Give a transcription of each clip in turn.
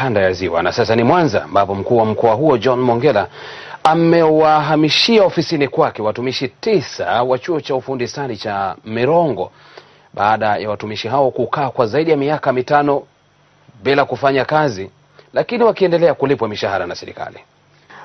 kanda ya Ziwa na sasa ni Mwanza ambapo mkuu wa mkoa huo John mongela amewahamishia ofisini kwake watumishi tisa wa chuo cha ufundi stadi cha Mirongo baada ya watumishi hao kukaa kwa zaidi ya miaka mitano bila kufanya kazi, lakini wakiendelea kulipwa mishahara na serikali.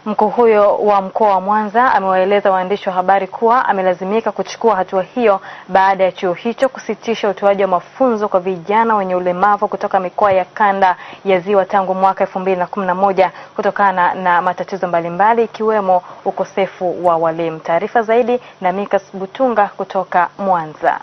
Mkuu huyo wa mkoa wa Mwanza amewaeleza waandishi wa habari kuwa amelazimika kuchukua hatua hiyo baada ya chuo hicho kusitisha utoaji wa mafunzo kwa vijana wenye ulemavu kutoka mikoa ya kanda ya Ziwa tangu mwaka 2011 kutokana na matatizo mbalimbali ikiwemo mbali, ukosefu wa walimu. Taarifa zaidi na Mikas Butunga kutoka Mwanza.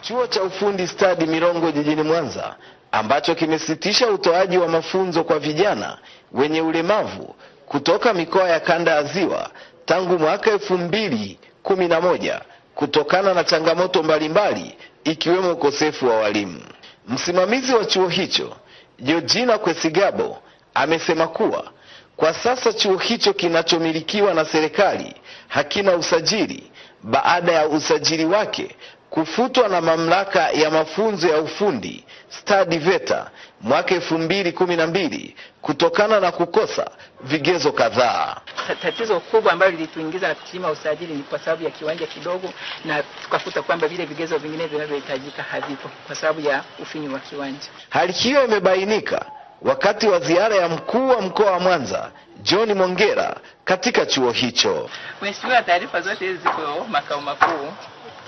Chuo cha ufundi stadi Mirongo jijini Mwanza ambacho kimesitisha utoaji wa mafunzo kwa vijana wenye ulemavu kutoka mikoa ya kanda ya Ziwa tangu mwaka elfu mbili kumi na moja kutokana na changamoto mbalimbali ikiwemo ukosefu wa walimu. Msimamizi wa chuo hicho Georgina Kwesigabo amesema kuwa kwa sasa chuo hicho kinachomilikiwa na serikali hakina usajili baada ya usajili wake kufutwa na mamlaka ya mafunzo ya ufundi stadi VETA mwaka elfu mbili kumi na mbili kutokana na kukosa vigezo kadhaa. Tatizo kubwa ambalo lilituingiza na usajili ni kwa sababu ya kiwanja kidogo, na tukakuta kwamba vile vigezo vingine vinavyohitajika havipo kwa sababu ya ufinyu wa kiwanja. Hali hiyo imebainika wakati wa ziara ya mkuu wa mkoa wa Mwanza John Mongera katika chuo hicho. Mheshimiwa, taarifa zote hizi ziko makao makuu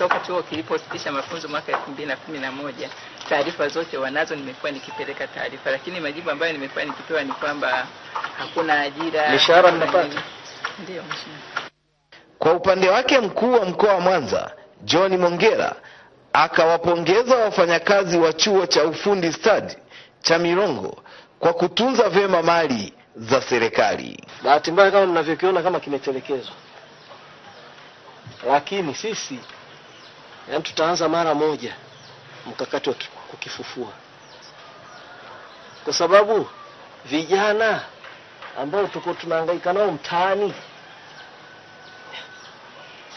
toka chuo kilipositisha mafunzo mwaka 2011 taarifa zote wanazo, nimekuwa nikipeleka taarifa, lakini majibu ambayo nimekuwa nikipewa ni kwamba hakuna ajira. Mishahara mnapata? Ndio, mshahara. Kwa upande wake mkuu wa mkoa wa Mwanza John Mongera akawapongeza wafanyakazi wa chuo cha ufundi stadi cha Mirongo kwa kutunza vyema mali za serikali. Bahati mbaya kama mnavyokiona kama kimetelekezwa, lakini sisi yaani tutaanza mara moja mkakati wa kukifufua, kwa sababu vijana ambao tuko tunahangaika nao mtaani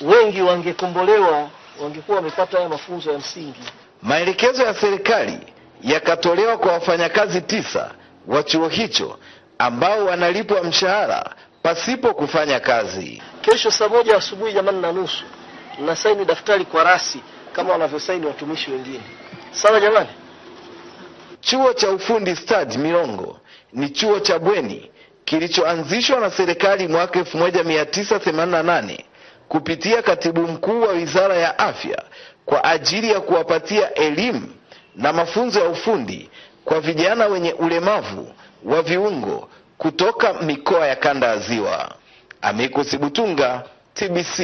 wengi wangekombolewa, wangekuwa wamepata haya mafunzo ya msingi. Maelekezo ya serikali yakatolewa kwa wafanyakazi tisa wa chuo hicho ambao wanalipwa mshahara pasipo kufanya kazi. Kesho saa moja asubuhi, jamani, na nusu tunasaini daftari kwa rasi kama wanavyosaini watumishi wengine. Sawa jamani. Chuo cha ufundi stadi Mirongo ni chuo cha bweni kilichoanzishwa na serikali mwaka nane kupitia katibu mkuu wa Wizara ya Afya kwa ajili ya kuwapatia elimu na mafunzo ya ufundi kwa vijana wenye ulemavu wa viungo kutoka mikoa ya kanda ya Ziwa. Amikus TBC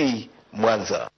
Mwanza.